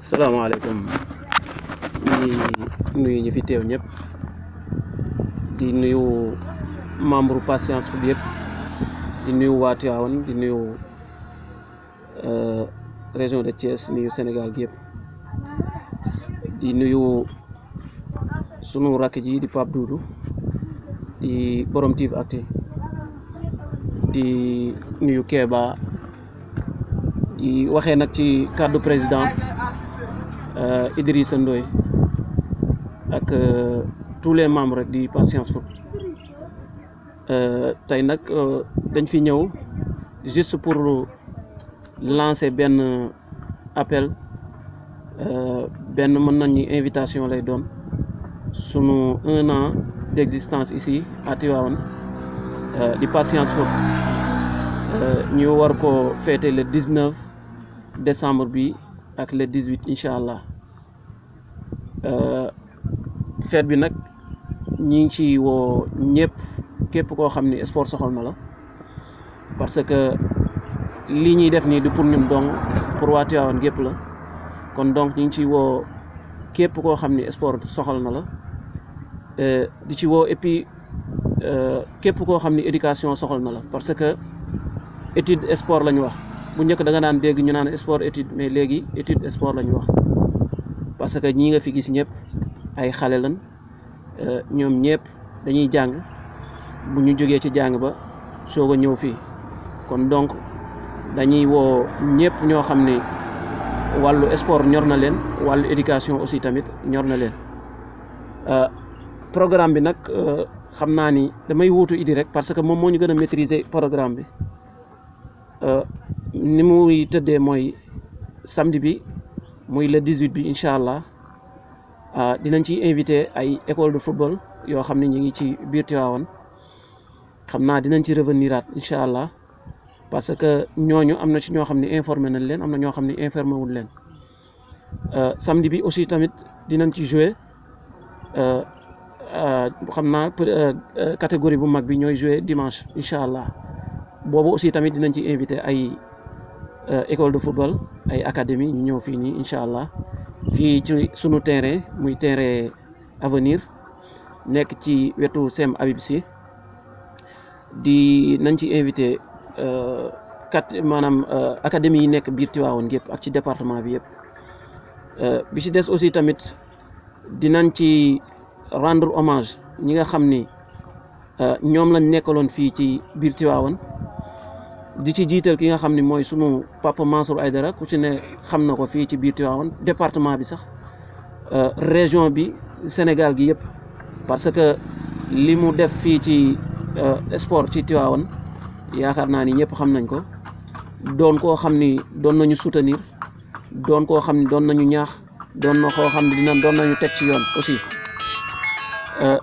salaamaaleykum di nuyu ñu fi teew ñëpp di nuyu membre patience fu yëpp di nuyu waa Tivaouane di nuyu euh, région de Thiès nuyu Sénégal gi yëpp di nuyu sunu rakk ji di Pape Doudou di borom Tivactu di nuyu Kéba di waxee nag ci kàddu président. Euh, Idrissa Ndoye ak euh, tous les membres du Patience Foot euh, tey nag dañ fi ñëw juste pour lancer benn appel benn mën nañu invitation lay doon sunu un an d'existence ici à Tivaouane di Patience Foot ñu war ko fêter le 19 décembre bi ak le 18 incha allah. Euh, fête bi nag ñi ngi ci woo ñëpp képp koo xam ni sport soxol na la parce que lii ñuy def nii di pour ñun dong pour waa Tivaouane gépp la kon donc ñi ngi ci woo képp koo xam ni sport soxal na la euh, di ci woo et puis euh, képp koo xam ni éducation soxal na la parce que étude sport la wax bu njëkk da nga naan dégg ñu naan sport étude mais léegi étude sport la ñu wax parce que ñii nga fi gis ñëpp ay xale lan euh, ñoom ñëpp dañuy jàng bu ñu jógee ci jàng ba soog a ñëw fii kon donc dañuy woo ñëpp ñoo xam ne wàllu sport ñor na leen wàllu éducation aussi tamit ñor na leen euh, programme bi nag euh, xam naa ni damay wuutu Idi rek parce que moom moo ñu gën a maîtriser programme bi ni muy tëddee mooy samedi bi muy le 18 bi incha allah ah, dinañ ci invité ay école de football yoo xam ne ñu ngi ci biir Tivaouane xam naa dinañ ci revenir aat incha allah parce que ñooñu am na ci ñoo xam ne informé nañ leen am na ñoo xam ne informé wul leen ah, samedi bi aussi tamit dinañ ci jouer ah, xam naa catégorie bu mag bi ñooy jouer dimanche incha allah boobu aussi tamit dinañ ci invité ay école de football. ay académie ñu ñëw fii nii incha allah fii ci sunu terrain muy terrain avenir nekk ci wetu sem Habib di nañ ci invité kat euh, maanaam euh, académie yi nekk biir Tivaouane yëpp ak ci département bi yëpp euh, bi ci des aussi tamit dinañ ci rendre hommage ñi nga xam ni ñoom lañ nekkaloon fii ci biir Tivaouane di ci jiital ki nga xam ne mooy sunu papa ay dara ku ci ne xam na ko fii ci biir Tivaouane département bi sax euh, région bi Sénégal gi yëpp parce que li mu def fii ci euh, sport ci Tivaouane yaakaar naa ni ñëpp xam nañ ko doon koo xam ni doon nañu soutenir doon koo xam ni doon nañu ñaax doon na koo xam ni dina doon nañu teg ci yoon aussi euh,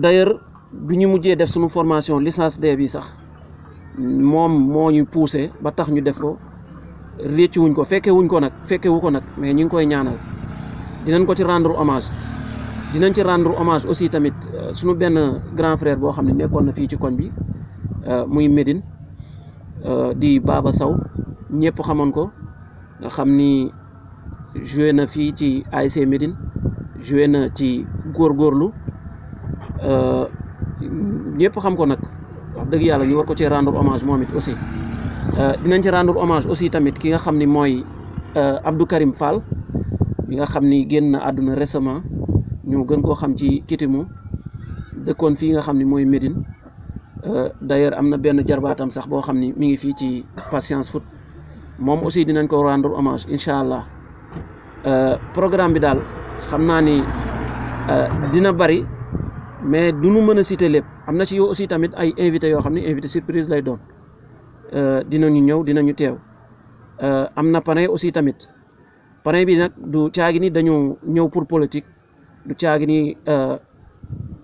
d'ailleurs bi ñu mujjee def sunu formation licence D bi sax. moom moo ñu poussé ba tax ñu def ko réccu wuñ ko fekkewuñ ko nag fekke ko nag mais ñu ngi koy ñaanal dinañ ko ci rendre hommage dinañ ci rendre hommage aussi tamit euh, suñu benn grand frère boo xam ne nekkoon na fii ci koñ bi euh, muy Médine euh, di Baba Sow ñëpp xamoon ko nga xam ni joué na fii ci ASC Médine joué na ci góorgóorlu ñëpp xam ko nag dëgg yàlla ñu war ko ci rendre hommage moom it aussi euh, dinañ ci rendre hommage aussi tamit ki nga xam ni mooy euh, Abdou Karim Fall mi nga xam ni génn na àdduna récemment ñu gën koo xam ci kitimu dëkkoon fii nga xam ni mooy Médine euh, d'ailleurs am na benn jarbaatam sax boo xam ni mi ngi fii ci patience foot moom aussi dinañ ko rendre hommage incha allah programme bi daal xam naa ni dina bari mais du nu mën a citer lépp. am na si yow aussi tamit ay invité yoo xam ne invité surprise lay doon euh, dinañu ñëw dinañu teew euh, am na parrain aussi tamit parrain bi nag du caagi ni dañu ñëw pour politique du caagi ni euh,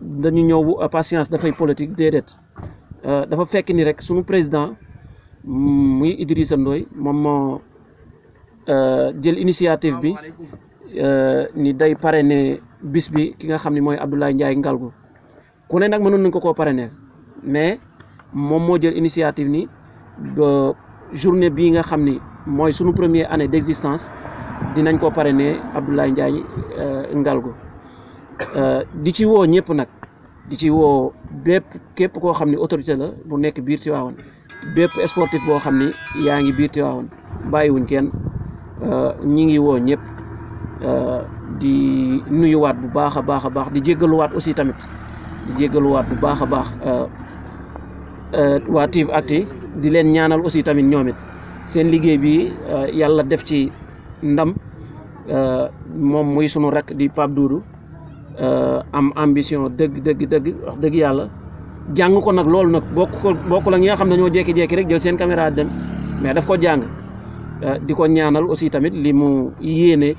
dañu ñëw bu patience dafay politique déedéet dafa fekk ni rek sunu président muy Idrissa Ndoye moom moo jël initiative bi ni day ne bis bi ki nga xam ni mooy Abdoulaye Ndiaye Ngalgou ku ne nag mënoon nañ ko koo parrainer mais moom moo jël initiative ni journée bii nga xam ni mooy sunu premier année d'existence dinañ ko parrainer Abdoulaye Ndiaye euh, Ngalgou euh, di ci woo ñëpp nag di ci woo bépp képp koo xam ni autorité la bu nekk biir Tivaouane bépp sportif boo xam ni yaa ngi biir ti Tivaouane bàyyiwuñ kenn euh, ñi ngi woo ñëpp di nuyuwaat bu baax a baax a baax di jéggaluwaat aussi tamit di jégaluwaat bu baax a baax euh, euh, waa Tivactu di leen ñaanal aussi tamit ñoom it seen liggéey bi euh, yàlla def ci ndam moom muy sunu rakk di Pape Doudou am ambition dëgg dëgg wax dëgg yàlla jàng ko nag loolu nag bokk ko bokk la ñi xam ne ñoo jékki-jékki rek jël seen caméra dem mais daf ko jàng di ko ñaanal aussi tamit lii mu yéene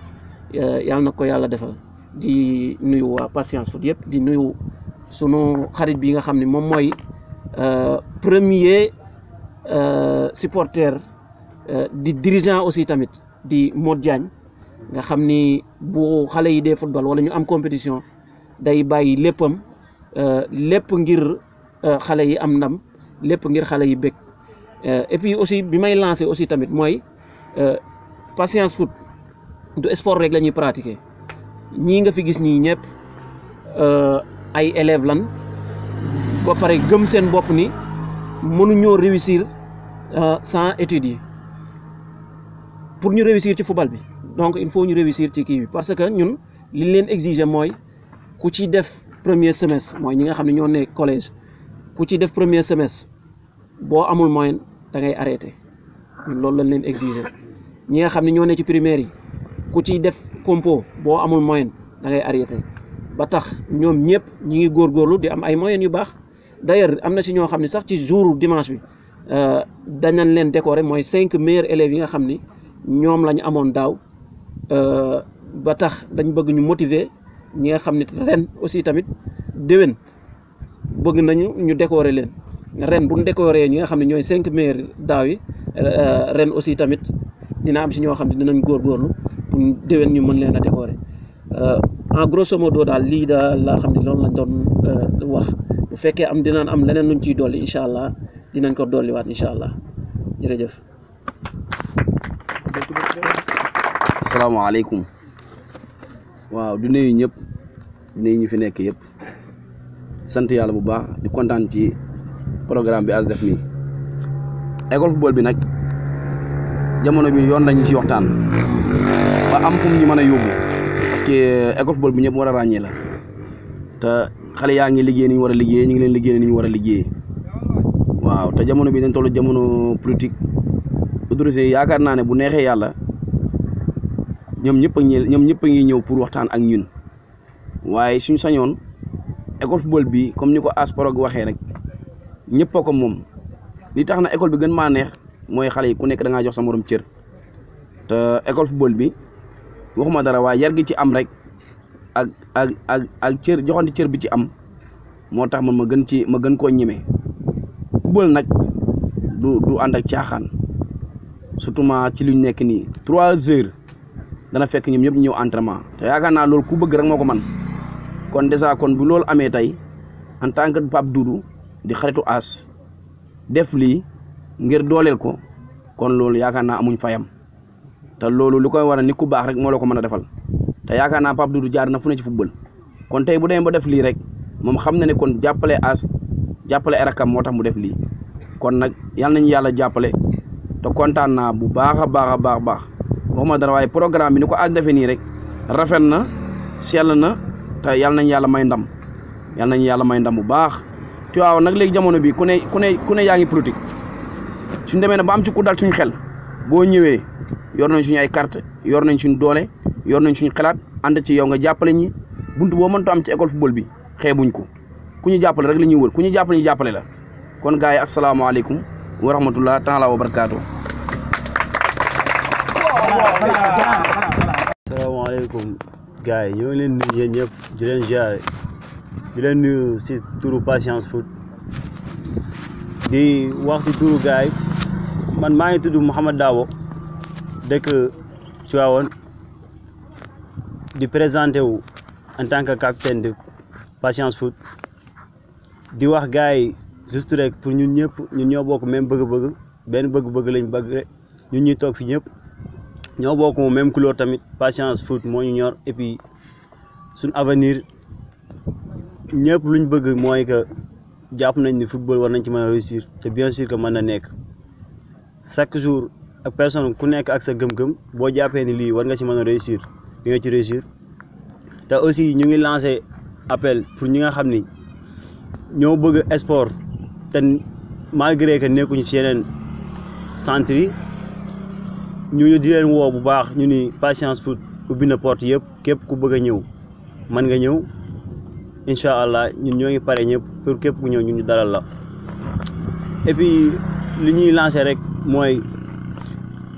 yàlla nag ko yàlla defal di nuyu waa patience foot yëpp di nuyu. sunu xarit bi nga xam ne moom mooy euh, premier euh, supporter euh, di dirigeant aussi tamit di Modou Diagne nga xam ni bu xale yi dee football wala ñu am compétition day bàyyi léppam lépp ngir xale yi am ndam lépp ngir xale yi bëgg et puis aussi bi may lancé aussi tamit mooy patience foot du sport rek la ñuy pratiquer ñi nga fi gis ñii ñëpp. ay élève lan ba pare gëm seen bopp ni mënuñoo réussir euh, sans études yi pour ñu réussir ci football bi donc il faut ñu réussir ci kii bi parce que ñun li leen exiger mooy ku ci def premier semestre mooy ñi nga xam ne ñoo ne collège ku ci def premier semestre boo amul moyen da ngay arrêté ñun loolu lañ leen exiger ñi nga xam ne ñoo ne ci primaire yi ku ci def compo boo amul moyen da ngay arrêté. ba tax ñoom ñëpp ñi ngi góorgóorlu di am ay moyens yu baax d'ailleurs am na si ñoo xam ne sax ci jour dimanche bi euh, danañ leen décorer mooy cinq meilleurs élèves yi nga xam ni ñoom lañu ñu amoon daaw euh, ba tax dañ bëgg ñu motiver ñi nga xam ni ren aussi tamit déwén bëgg nañu ñu décorer leen ren bu ñu ñi nga xam ne ñooy cinq meilleurs daaw yi euh, ren aussi tamit dina am si ñoo xam ne dinañ góorgóorlu pour déwén ñu mën leen a décorer. Euh, en grosso modo daal lii daal laa xam ne doon euh, wax bu fekkee am dinaan am leneen luñ ciy dolli incha allah dinañ ko dolliwaat incha allah jërëjëf. asalaamaaleykum waaw du nuyu ñëpp du nuyu ñi fi nekk yëpp sant yàlla bu baax di kontaan ci programme bi as def nii école football bi nag jamono bi yoon lañu ci waxtaan ba am fu mu ñu mën a yóbbu. parce que euh, école football bi ñëpp war ràññee la te xale yaa ngi liggéey ni ñu war a liggéey ñu ngi leen liggéey ñu war liggéey waaw te jamono bi dañ toll jamono politique autorisé yaakaar naa ne bu neexee yàlla ñoom ñëpp a ngi ñoom ñëpp a ngi ñëw pour waxtaan ak ñun waaye suñ sañoon école football bi comme ni ko asporo Asparog waxee rek ñëpp ko moom li tax na école bi gën maa neex mooy xale yi ku nekk da ngaa jox sa morom cër te école football bi. waxuma dara waaye yar gi ci am rek ak ak ak ak cër joxante bi ci am moo tax man ma gën ci ma gën koo ñeme football nag du du ànd ak caaxaan surtout ma ci luñ nekk nii trois heures dana fekk ñoom ñëpp ñëw entrement te yaakaar naa loolu ku bëgg rek moo ko man kon dèjà kon bu loolu amee tey en tant que Pape Doudou di xaritu ass def lii ngir dooleel ko kon loolu yaakaar naa amuñ fayam te loolu lu ko koy waral nit ku baax rek moo la ko mën a defal te yaakaar naa Pape Doudou jaar na fu ne ci football kon tey bu demee ba def lii rek moom xam na ne kon jàppale as jàppale erakam moo tax mu def lii kon nag yal nañu yàlla jàppale te kontaan naa bu baax a baax a baax baax waxuma dara waaye programme bi ni ko as defe nii rek rafet na sell na te yal nañ yàlla may ndam yal nañu yàlla may ndam bu baax tu waaw nag léegi jamono bi ku ne ku ne ku ne yaa ngi politique suñ demee ne am ci ku dal suñu xel boo ñëwee. yor nañ suñu ay carte yor nañ suñu doole yor nañ suñu xalaat ànd ci yow nga jàppale ñi buntu boo mënta am ci école football bi xeebuñ ko ku ñu jàppale rek la ñuy wër ku ñu jàppale ñu jàppale la kon gars yi asalaamaaleykum wa rahmatullah taala wa yi ñoo leen nuyu yéen ñëpp di leen ziare di si turu patience foot di wax si turu gars man maa ngi tudd Mouhamed Dabo. dëkk Tivaouane di présenté wu en tant que capitaine de Patience Foot di wax gars yi juste rek pour ñun ñëpp ñu ñoo bokk même bëgg-bëgg benn bëgg-bëgg lañ bëgg rek ñun ñuy toog fi ñëpp ñoo bokk même couleur tamit Patience Foot moo ñu ñor et puis avenir ñëpp luñ bëgg mooy que jàpp nañ ni football war nañ ci mën a réussir te bien sûr que mën a nekk chaque jour. ak personne ku nekk ak sa gëm-gëm boo jàppee ni lii war nga ci man a réussir di nga ci réussir te aussi ñu ngi lancé appel pour ñi nga xam ni ñoo bëgg sport te malgré que nekkuñu ci yeneen centre yi ñu di leen woo bu baax ñu ni patience foot ubbi na porte yëpp képp ku bëgg ñëw mën nga ñëw incha allah ñun ñoo ngi pare ñëpp pour képp ku ñëw ñu ñu dalal la et puis li ñuy lancé rek mooy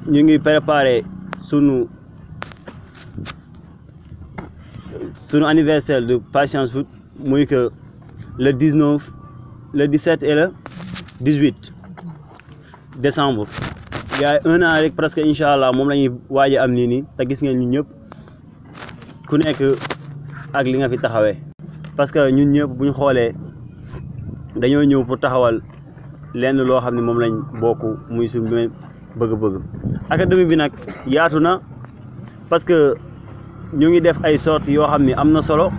ñu ngi préparé sunu sunu anniversaire de Patience Foot muy que le 19 le 17 et le 18 décembre yaay un an rek presque incha allah moom la ñuy am nii nii te gis ngeen ñun ñëpp ku nekk ak li nga fi taxawee parce que ñun ñëpp bu ñu xoolee dañoo ñëw pour taxawal lenn loo xam ne moom lañ bokk muy suñu bëgg-bëgg académie bi nag yaatu na parce que ñu ngi def ay sorte yoo xam ni am na solo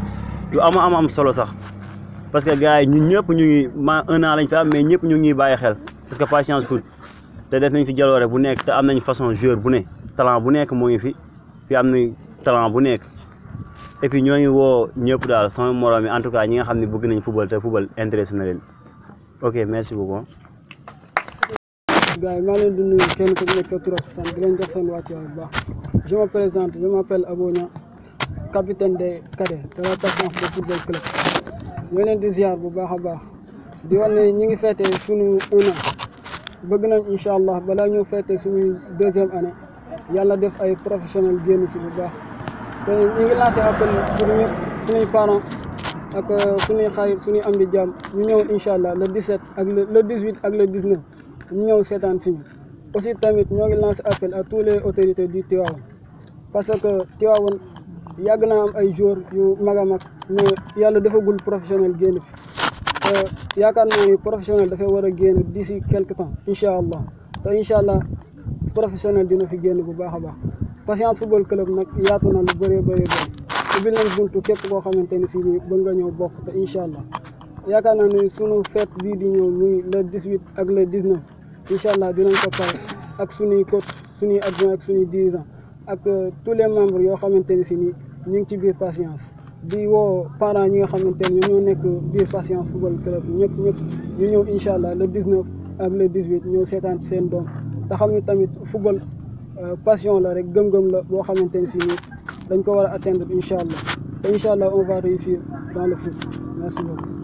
yu am am am solo sax parce que gars yi ñun ñëpp ñu ngi ma un an lañ fi am mais ñëpp ñu ngi bàyyi xel parce que Patience Foot te def nañ fi jaloore bu nekk te am nañ façon joueur bu ne talent bu nekk moo ngi fi fi am nañ talant bu nekk et puis ñoo ngi woo ñëpp daal sama moroom yi en tout cas ñi nga xam ni bëgg nañ football te football intéressé na leen ok merci beaucoup. gars yi maa leen di nuyu kenn ku nekk sa tur ak sa sant di leen jox seen wàccuwaay bu baax je me présente je m'appelle Abonia capitaine des cadets de la Tapance de football club ñu leen di ziar bu baax a baax di wax ne ñi ngi feete suñu un bëgg nañ incha allah balaa ñu feete suñu deuxième année yàlla def ay professionnel génn si bu baax te ñu ngi lancé appel pour ñëpp suñuy parents ak euh, suñuy xarit suñuy am di jàmm ñu ñëw incha allah le 17 ak le 18 ak le ñëw seetaan si aussi tamit ñoo ngi lancé appel à tous les autorités du Tivaouane parce que Tivaouane yàgg naa am ay joueurs yu mag a mag mais yàlla defagul professionnel génne fi yaakaar naa ni professionnel dafay war a génn d'ici quelque temps incha allah incha allah professionnel dina fi génn bu baax a baax patience football club nag yaatu na lu bëree bëri bëri ubbil nañ buntu képp koo xamante ni si nii bëgg nga ñëw bokk te incha allah yaakaar naa ni sunu fête bii di ñëw muy le 18 ak le 19. incha allah dinañ ko pare ak suñuy coach suñuy adjoint ak suñuy dirigeant ak euh, tous les membres yoo xamante ne si nii ñu ngi ci biir patience di woo parents ñi nga xamante ne ñoo nekk biir patience football club ñëpp ñëpp ñu ñëw incha allah le 19 ak le 18 ñëw seetaan seen doom te xam ne tamit football euh, passion la rek gëm-gëm la boo xamante ne si ni dañ ko war a atteindre incha allah te incha allah on va réussir dans le foot merci beaucoup.